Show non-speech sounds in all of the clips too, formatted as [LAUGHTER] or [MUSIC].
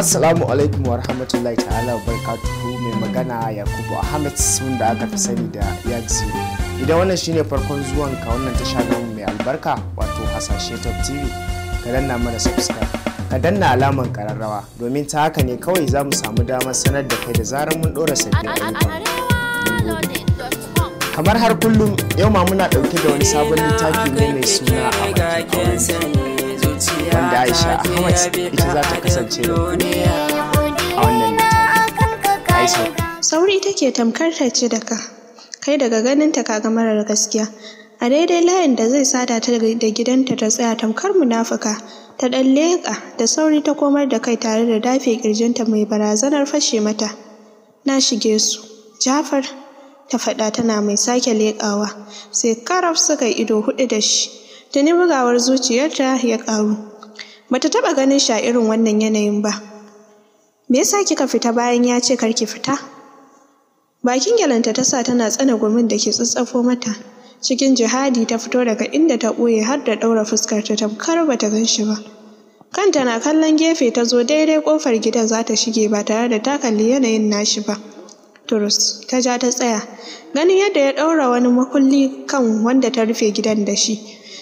Assalamu alaikum wa rahmatullahi ta'ala barkatuhu mai magana a Yakubu Ahmed da aka fi sani da Yagzi. Idan wannan shine farkon zuwan ka wannan ta namu mai albarka wato hasashe top TV ka danna mana subscribe ka danna alaman kararrawa domin ta haka ne kawai za mu samu damar sanar da kai da zarar mun ɗora sabbin kamar har kullum yau ma muna ɗauke da wani sabon littafi ne mai suna a wanda aisha ahmad ita za ta kasance da a wannan aisha sauri take tamkar ta ce kai daga ganin ta kaga marar gaskiya a daidai layin da zai sada ta da gidanta ta tsaya tamkar munafuka ta ɗan leƙa da sauri ta komar da kai tare da dafe ƙirjinta mai barazanar fashe mata na shige su jafar ta faɗa tana mai sake leƙawa sai karaf suka ido huɗu da shi tuni bugawar zuciyarta ya ƙaru Bata taɓa ganin shi a irin wannan yanayin ba. Me yasa kika fita bayan ya ce kar ki fita? Bakin gyalanta ta sa tana tsana gumin da ke tsatsafo mata. Cikin jihadi ta fito daga inda ta ɓoye har da ɗaura fuskarta, ta tamkar bata gan shi ba. Kanta na kallon gefe ta zo daidai ƙofar gidan za ta shige ba tare da ta kalli yanayin nashi ba. Turus ta ja ta tsaya, ganin yadda ya ɗaura wani makulli kan wanda ta rufe gidan da shi.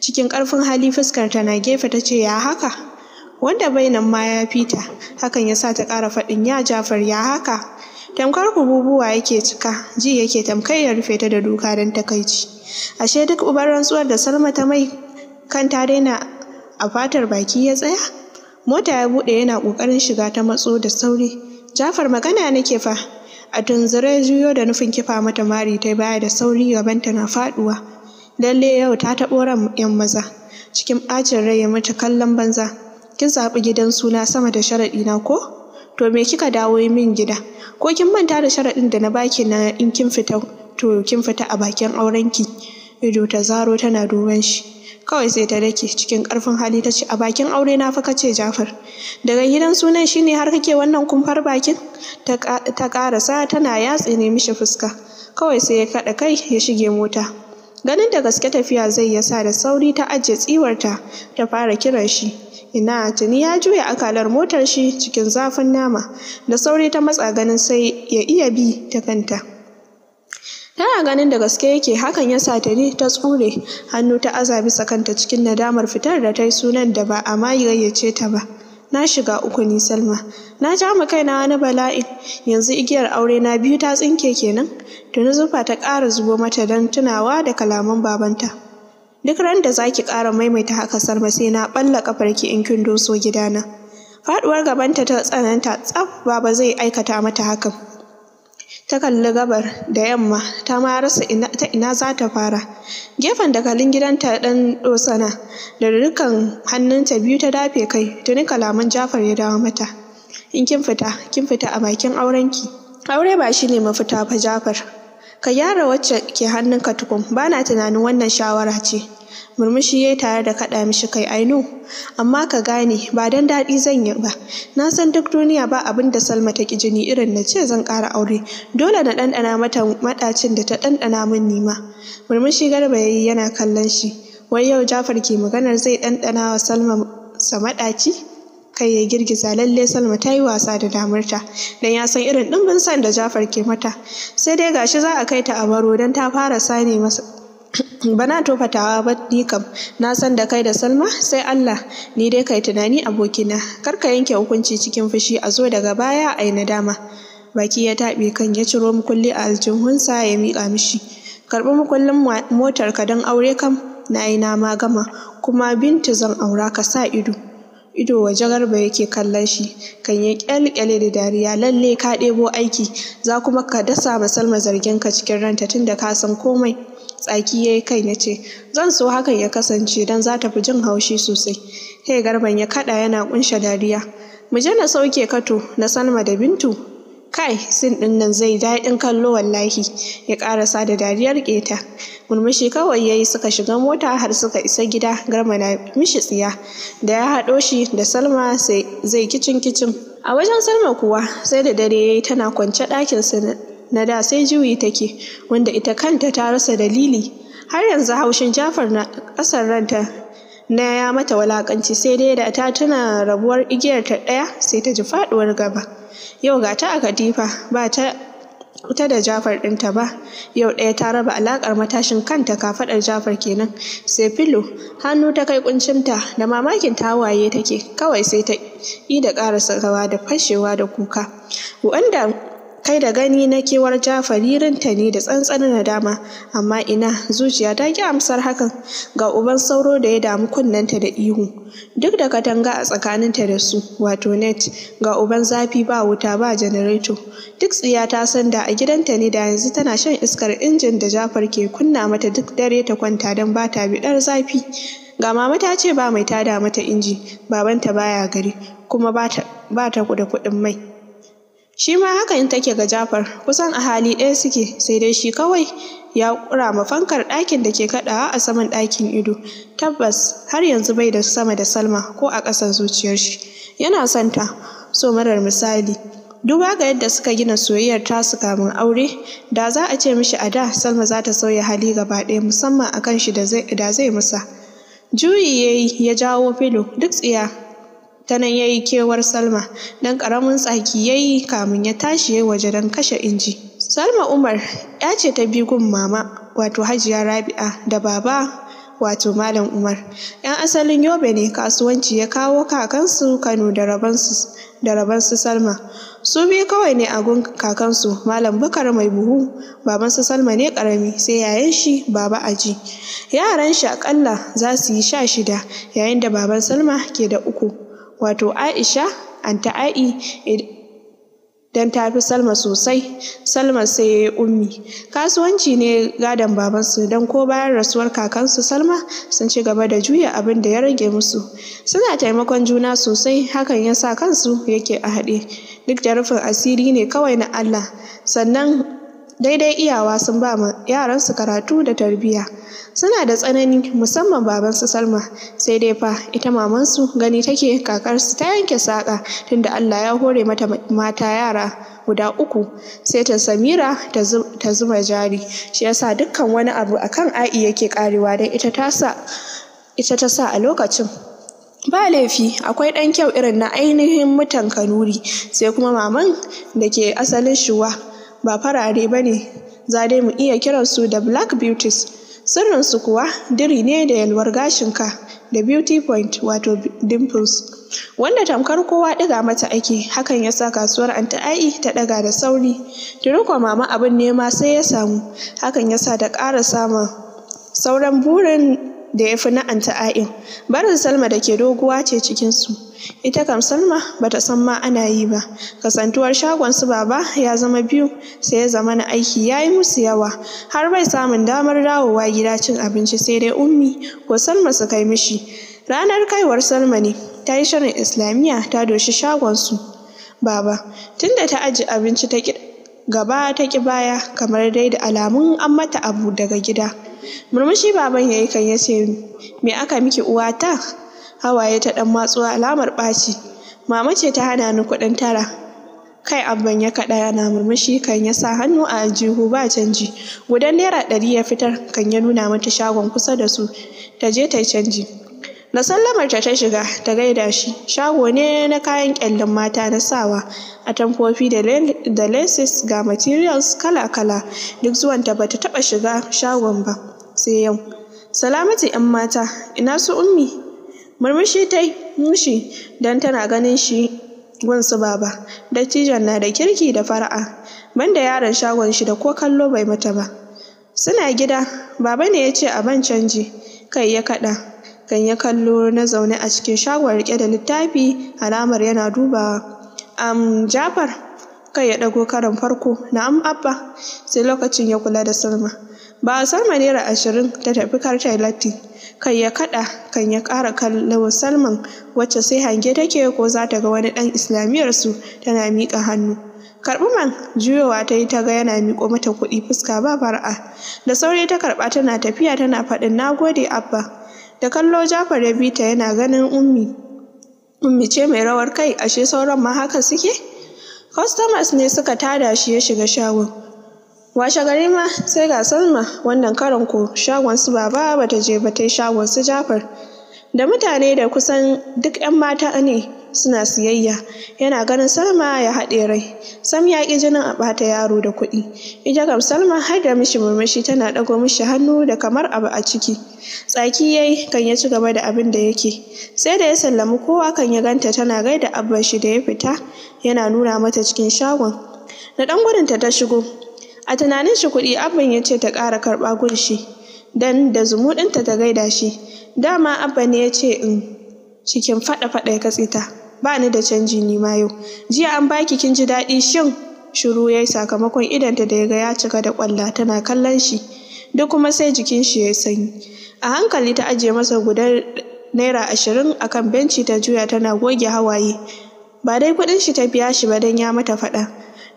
Cikin ƙarfin hali fuskar ta na gefe ta ce ya haka? wanda bai nan ma ya fita hakan ya sa ta ƙara faɗin ya jafar ya haka tamkar kububuwa yake cika ji yake tamkai ya rufe ta da duka don takaici ashe duk ubar rantsuwar da salma ta mai kan ta daina a fatar baki ya tsaya mota ya buɗe yana ƙoƙarin shiga ta matso da sauri jafar magana nake fa a tunzure juyo da nufin kifa mata mari ta baya da sauri gaban ta na faɗuwa lalle yau ta taɓo ran yan maza cikin ɓacin rai ya mata kallon banza kin zaɓi gidan suna sama da sharaɗi na ko to me kika dawo min gida ko kin manta da sharaɗin da na baki na in kin fita to kin fita a bakin aurenki ido ta zaro tana duban shi kawai sai ta dake cikin ƙarfin hali ta ce a bakin aure na fa kace Jafar daga gidan sunan shi ne har kake wannan kumfar bakin ta ƙarasa tana yatsa ne mishi fuska kawai sai ya kaɗa kai ya shige mota ganin da gaske tafiya zai ya sa da sauri ta ajiye tsiwarta ta fara kiran shi Ina tuni ya juya akalar motar shi cikin zafin nama, da sauri ta matsa ganin sai ya iya bi ta kanta. Tana ganin da gaske yake hakan ya sa tari ta tsure hannu ta aza bisa kanta cikin nadamar fitar da ta yi sunan da ba a ma gayyace ta ba. Na shiga uku ni Salma, na ja mu kaina wani bala'i. yanzu igiyar aure na biyu ta tsinke kenan, tuni zufa ta ƙara zubo mata don tunawa da kalaman babanta. Duk ran da za ki ƙara maimaita haka Salma sai na ɓalla ki in kin doso gidana. Faɗuwar gabanta ta tsananta tsaf baba zai aikata mata hakan. Ta kalli gabar da yamma ta ma rasa ta ina za ta fara. Gefen dakalin gidanta ɗan ɗosana da dukkan hannunta biyu ta dafe kai tuni kalaman Jafar ya dawo mata. In kin fita, kin fita a bakin aurenki. Aure ba shi ne mafita fa Jafar. Ka gyara wacce ke hannunka tukun ba na tunanin wannan shawara ce, murmushi ya yi tare da kaɗa mishi kai I amma ka gane ba don daɗi zan yi ba, na san duk duniya ba abin da Salma ta ƙi jini irin na ce zan ƙara aure, dole na ɗanɗana mata maɗacin da ta ɗanɗana min nima. Murmushi Garba ya yi yana kallon shi, wai yau Jafar ke maganar zai ɗanɗana wa Salma sa maɗaci? kai ya girgiza lalle Salma ta yi wasa da damarta dan ya san irin dimbin san da Jafar ke mata sai dai gashi za a kai ta a baro dan ta fara sane masa [CLEARS THROAT] bana to fatawa ba ni kam na san da kai da Salma sai Allah ni dai kai tunani abokina kar ka yanke hukunci cikin fushi a zo daga baya a yi nadama baki ya taɓe kan ya ciro mukulli a aljihunsa ya mika mishi karɓi mukullin motarka don aure kam na yi na ma gama kuma bintu zan aura ka sa ido ido waje Garba yake kallon shi, kan ya kyalkyale da dariya lalle ka ɗebo aiki, za kuma ka dasa ma Salma zargin ka cikin ranta tunda ka san komai. Tsaki ya yi kai ya ce, Zan so hakan ya kasance don za ta fi jin haushi sosai. Kai Garban ya kaɗa yana ƙunshe dariya. Mu je na sauke kato na Salma da Bintu. Kai, sin ɗin nan zai daɗin kallo wallahi, ya ƙarasa da dariyar ƙeta. Murmushi kawai ya yi suka shiga mota har suka isa gida garma na mishi tsiya da ya haɗo shi da Salma sai zai kicin kicin. A wajen Salma kuwa sai da dare ya yi tana kwance ɗakinsa na da sai juyi take wanda ita kanta ta rasa dalili har yanzu haushin Jafar na ƙasar ranta na ya mata walakanci sai dai da ta tuna rabuwar igiyar ta ɗaya sai ta ji faɗuwar gaba yau ga ta a katifa ba ta ita da Jafar ɗinta ba yau ɗaya ta raba alaƙar matashin kanta kafaɗar Jafar kenan sai filo hannu ta kai kuncinta da mamakin ta waye take kawai sai ta yi da ƙara sakawa da fashewa da kuka wanda kai da gani na kewar Jafari rinta ne da tsantsanin nadama, amma ina zuciya ta ki amsar hakan ga uban sauro da ya damu kunnenta da ihu. Duk da katanga a tsakaninta da su, wato net, ga uban zafi ba wuta ba janareto. Duk tsiya ta san da a gidanta ne da yanzu tana shan iskar injin da Jafar ke kunna mata duk dare ta kwanta don ba ta biɗar zafi. Ga mama ta ce ba mai tada mata inji, babanta baya gari, kuma ba ta da kuɗin mai. Shi ma haka in take ga Jafar, kusan a hali ɗaya suke, sai dai shi kawai ya ma fankar ɗakin da ke kaɗawa a saman ɗakin ido. Tabbas har yanzu bai da sama da Salma ko a ƙasan zuciyar shi. Yana son ta, so marar misali. Duba ga yadda suka gina soyayyar tasu kamun aure, da za a ce mishi a da Salma za ta sauya hali gaba ɗaya musamman a kan shi da zai musa. Juyi ya yi ya jawo filo duk tsiya ta nan ya yi kewar Salma, don ƙaramin tsaki ya yi kamun ya tashi ya waje don kashe inji. Salma Umar ya ce ta bi gun mama wato Hajiya Rabi'a da baba wato Malam Umar. 'Yan asalin Yobe ne kasuwanci ya kawo kakansu Kano da rabansu da Salma. Su biyu kawai ne a gun kakansu Malam Bukar mai buhu, Baban su Salma ne karami sai yayan shi Baba Aji. Yaran shi akalla za su yi sha shida yayin da baban Salma ke da uku. wato Aisha anta A'i dan ta fi Salma sosai, Salma sai ummi. Kasuwanci ne gadon babansu don ko bayan rasuwar kakansu Salma sun ci gaba da juya abin da ya rage musu. Suna taimakon juna sosai hakan ya sa kansu yake a haɗe, duk da rufin asiri ne kawai na Allah. Sannan daidai iyawa sun ba ma yaransu karatu da tarbiyya suna da tsanani musamman babansu salma sai dai fa ita mamansu gani take kakarsu ta yanke saƙa tunda allah ya hore mata mata yara guda uku sai ta samira ta zuma jari shi yasa dukkan wani abu akan a'i yake karewa don ita ta sa ita ta sa a lokacin ba laifi akwai ɗan kyau irin na ainihin mutan kanuri sai kuma maman da ke asalin shuwa ba farare ba ne za dai mu iya kiransu da black beauties sirrinsu kuwa diri ne da yalwar gashinka da beauty point wato dimples wanda tamkar kowa ɗiga mata ake hakan ya sa kasuwar anta'i ta ɗaga da sauri turiko mama abin nema sai ya samu hakan ya sa da ƙara samun sauran burin da ya fi na anta'a'in barin salma da ke doguwa ce cikinsu Ita kam Salma Bata san ma ana yi ba, kasantuwar shagon su baba ya zama biyu sai ya zama na aiki ya yi musu yawa, har bai samun damar dawowa gida cin abinci sai dai ummi ko Salma su kai mishi. Ranar kaiwar Salma ne, ta yi shirin Islamiyya ta doshi shagon su. Baba, tunda ta aji abinci ta gaba ta ƙi baya kamar dai da alamun an mata abu daga gida. Murmushi baban ya yi kan ya ce, Me aka miki uwata? hawaye ta ɗan matsuwa alamar ɓaci mama ce ta hana ni kuɗin tara kai abban ya kaɗa yana murmushi kan ya sa hannu a aljihu ba canji gudan naira ɗari ya fitar kan ya nuna mata shagon kusa da su ta je ta yi canji da sallamar ta ta shiga ta gaida shi shago ne na kayan ƙyallin mata na sawa a tamfofi da laces ga materials kala-kala duk zuwanta bata taɓa shiga shagon ba sai yau salamatu yan mata ina su ummi murmushi ta mushi don tana ganin shi gunsu baba dattijon na da kirki da fara'a banda yaron shagon shi da ko kallo bai mata ba suna gida baba ne ya ce a ban canji kai ya kaɗa kan ya kallo na zaune a cikin shagon riƙe da littafi alamar yana dubawa am jafar kai ya ɗago karin farko na am abba sai lokacin ya kula da salma ba a sama naira ashirin ta tafi karta latti Kan ya kada kan ya kara kallon salman wacce sai hange take ko za ta ga wani dan islamiyar su tana miƙa hannu karɓi man juyowa ta yi ta ga yana miƙo mata kuɗi fuska ba fara'a da sauri ta karba, tana tafiya tana faɗin nagode abba da kallo jafar ya bi ta yana ganin ummi ummi ce mai rawar kai ashe sauran ma haka suke customers ne suka tada shi ya shiga shagon washe gari ma sai ga salma wannan karan ko shagon su baba bata je ba ta shagon su jafar da mutane da kusan duk 'yan mata ne suna siyayya yana ganin salma ya haɗe rai sam ya ƙi jinin a ɓata yaro da kuɗi ita kam salma har da mishi murmushi tana ɗago mishi hannu da kamar abu a ciki tsaki yayi kan ya ci gaba da abin da yake sai da ya sallami kowa kan ya ganta tana gaida abban shi da ya fita yana nuna mata cikin shagon da ɗan gudunta ta shigo a tunanin shi kuɗi abban ya ce ta ƙara karɓa gunshi dan da zumuɗinta ta gaida shi dama abba ne ya ce in cikin faɗa faɗa ya katse ta ba da canji ni ma yau jiya an baki kin ji daɗi shin shiru ya yi sakamakon idanta da ya ga ya cika da ƙwalla tana kallon shi duk kuma sai jikin shi ya sanyi a hankali ta ajiye masa guda naira ashirin a kan benci ta juya tana goge hawaye ba dai kuɗin shi ta biya shi ba dan ya mata faɗa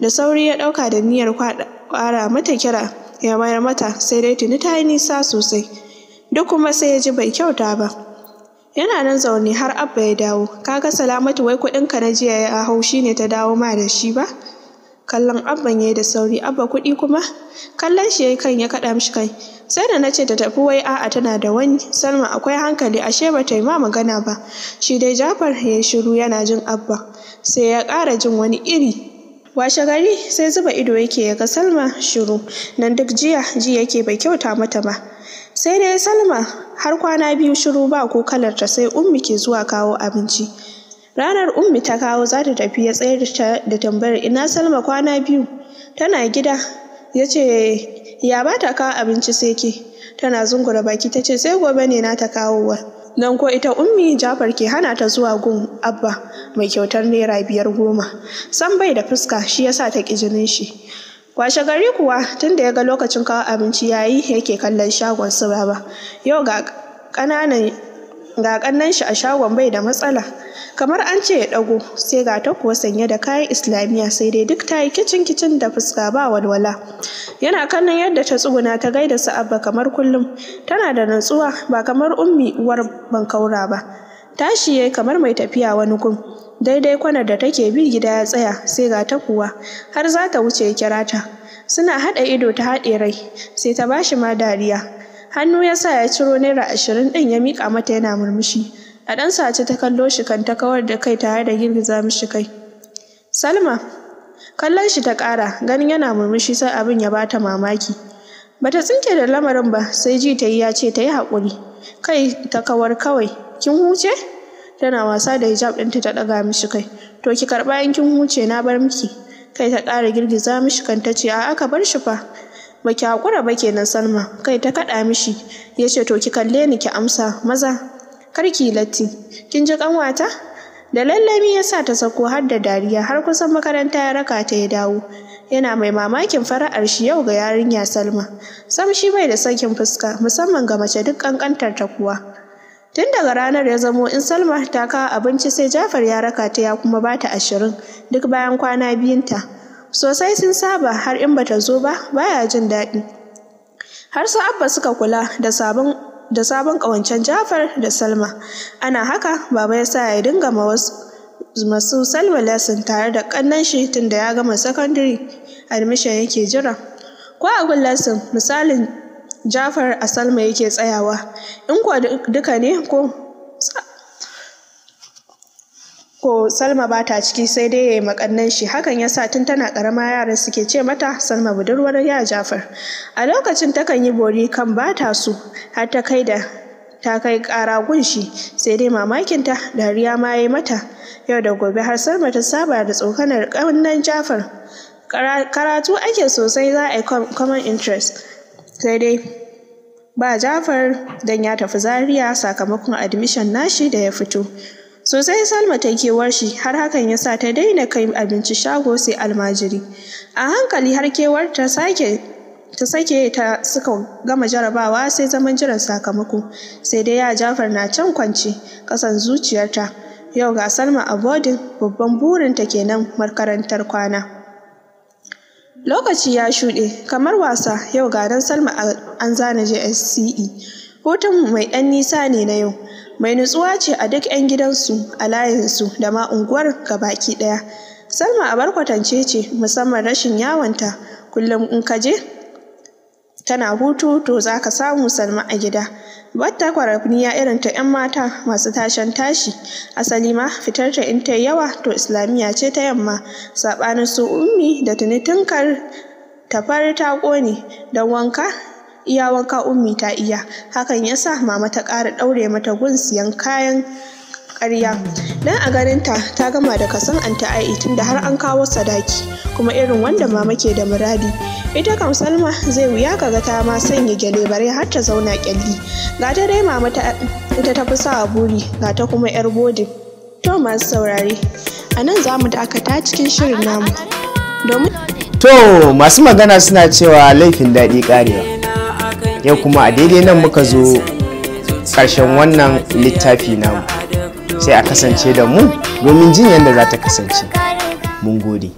da sauri ya ɗauka da niyyar kwaɗa ƙwara mata kira ya mayar mata sai dai tuni ta yi nisa sosai duk kuma sai ya ji bai kyauta ba yana nan zaune har abba ya dawo Ka ga salamatu wai kuɗinka na jiya ya hau shi ne ta dawo ma da shi ba kallon abban yi da sauri abba kuɗi kuma kallon shi yayi kan ya kaɗa mishi kai sai da ce ta tafi wai a'a tana da wani salma akwai hankali ashe ba ta yi ma magana ba shi dai jafar ya yi shiru yana jin abba sai ya ƙara jin wani iri washe gari sai zuba ido yake ya ga salma shiru nan duk jiya ji yake bai kyauta mata ba sai dai salma har kwana biyu shiru ba ko kalarta sai ummi ke zuwa kawo abinci ranar ummi ta kawo za ta tafi ya tsayar da tambayar ina salma kwana biyu tana gida ya ce ya ba ta kawo abinci sai ke tana zungura baki ta ce sai gobe ne na ta kawowar don ko ita ummi jafar ke hana ta zuwa gun abba mai kyautar naira biyar goma san bai da fuska shi yasa ta ƙi jinin shi washe gari kuwa tun da ya ga lokacin kawo abinci ya yayi yake kallon shagon su baba yau ga ƙananan ga ƙannan shi a shagon bai da matsala kamar an ce ya ɗago sai ga ta kuwa sanye da kayan islamiyya sai dai duk ta yi kicin kicin da fuska ba walwala yana kallon yadda ta tsuguna ta gaida su abba kamar kullum tana da nutsuwa, ba kamar ummi uwar bankaura ba tashi yayi kamar mai tafiya wani gun daidai kwanar da take bi gida ya tsaya sai ga ta kuwa har za ta wuce kira ta suna haɗa ido ta haɗe rai sai ta bashi ma dariya hannu ya sa ya ciro naira ashirin ɗin ya miƙa mata yana murmushi A ɗan sace ta kallo shi kan ta kawar da kai tare da girgiza mishi kai. Salma, kallon shi ta ƙara ganin yana murmushi sai abin ya bata mamaki. Bata tsinke da lamarin ba sai ji ta yi ya ce ta yi haƙuri. Kai ta kawar kawai, kin huce? Tana wasa da hijab ɗinta ta ɗaga mishi kai. To ki karɓa in kin huce na bar miki. Kai ta ƙara girgiza mishi kan ta ce a aka bar shi fa. Ba ki haƙura ba kenan Salma, kai ta kaɗa mishi. Ya ce to ki kalle ni ki amsa maza. kar ki latti kin ji kanwata? da lallami ya sa ta sako har da dariya har kusan makaranta ya raka ta ya dawo yana mai mamakin fara'ar shi yau ga yarinya salma sam shi bai da sakin fuska musamman ga mace duk kankantar ta kuwa tun daga ranar ya zamo in salma ta kawo abinci sai jafar ya raka ta ya kuma bata ashirin duk bayan kwana biyunta sosai sun saba har in bata zo ba baya jin daɗi har su abba suka kula da sabon da sabon ƙawancen Jafar da Salma. Ana haka baba ya sa ya dinga masu Salma lesson tare da ƙannan shi tunda ya gama secondary admission yake jira. Ko a gun lesson misalin Jafar a Salma yake tsayawa in kuwa duka ne ko ko Salma ba ta ciki sai dai ya yi makannan shi hakan ya sa tun tana karama yaran suke ce mata Salma budurwar ya Jafar a lokacin ta kan yi bori kan ba ta su har ta kai da ta kai kara gunshi sai dai mamakinta dariya ma ya yi mata yau da gobe har Salma ta saba da tsokanar kannan Jafar karatu ake sosai za a yi common interest sai dai ba Jafar don ya tafi Zaria sakamakon admission nashi da ya fito Sosai Salma ta kewar shi har hakan ya sa ta daina kai abinci shago sai almajiri. A hankali har kewar ta sake ta sake ta suka gama jarabawa sai zaman jiran sakamako sai dai ya jafar na can kwance kasan zuciyarta yau ga salma a bodin babban burinta kenan makarantar kwana. Lokaci ya shuɗe, kamar wasa yau ga dan Salma an zana JSCE. Hutun mai ɗan nisa ne na yau, mai nutsuwa ce a duk 'yan gidansu a layinsu da ma unguwar gabaki ɗaya salma a barkwatance ce musamman rashin yawonta kullum in ka je tana hutu to za ka samu salma a gida batta kwarafniya irin ta 'yan mata masu tashen tashi asali ma fitar ta in ta yawa to islamiyya ce ta yamma saɓanin su ummi da tuni tunkar tafar ta ƙone don wanka iya wanka ummi ta iya hakan ya sa mama ta ƙara ɗaure mata gun siyan kayan ƙarya dan a ganinta ta gama da kasan anti ai tunda har an kawo sadaki kuma irin wanda mama ke da muradi ita kam salma zai wuya kaga ta ma sanya gyale bare har ta zauna kyalli ga ta dai mama ta ita ta fi sa buri ga ta kuma yar godin. to masu saurare a nan za mu dakata cikin shirin namu domin to masu magana suna cewa laifin daɗi ƙarewa yau kuma a daidai nan muka zo ƙarshen wannan littafi namu sai a kasance da mu domin jin yadda za ta kasance mun gode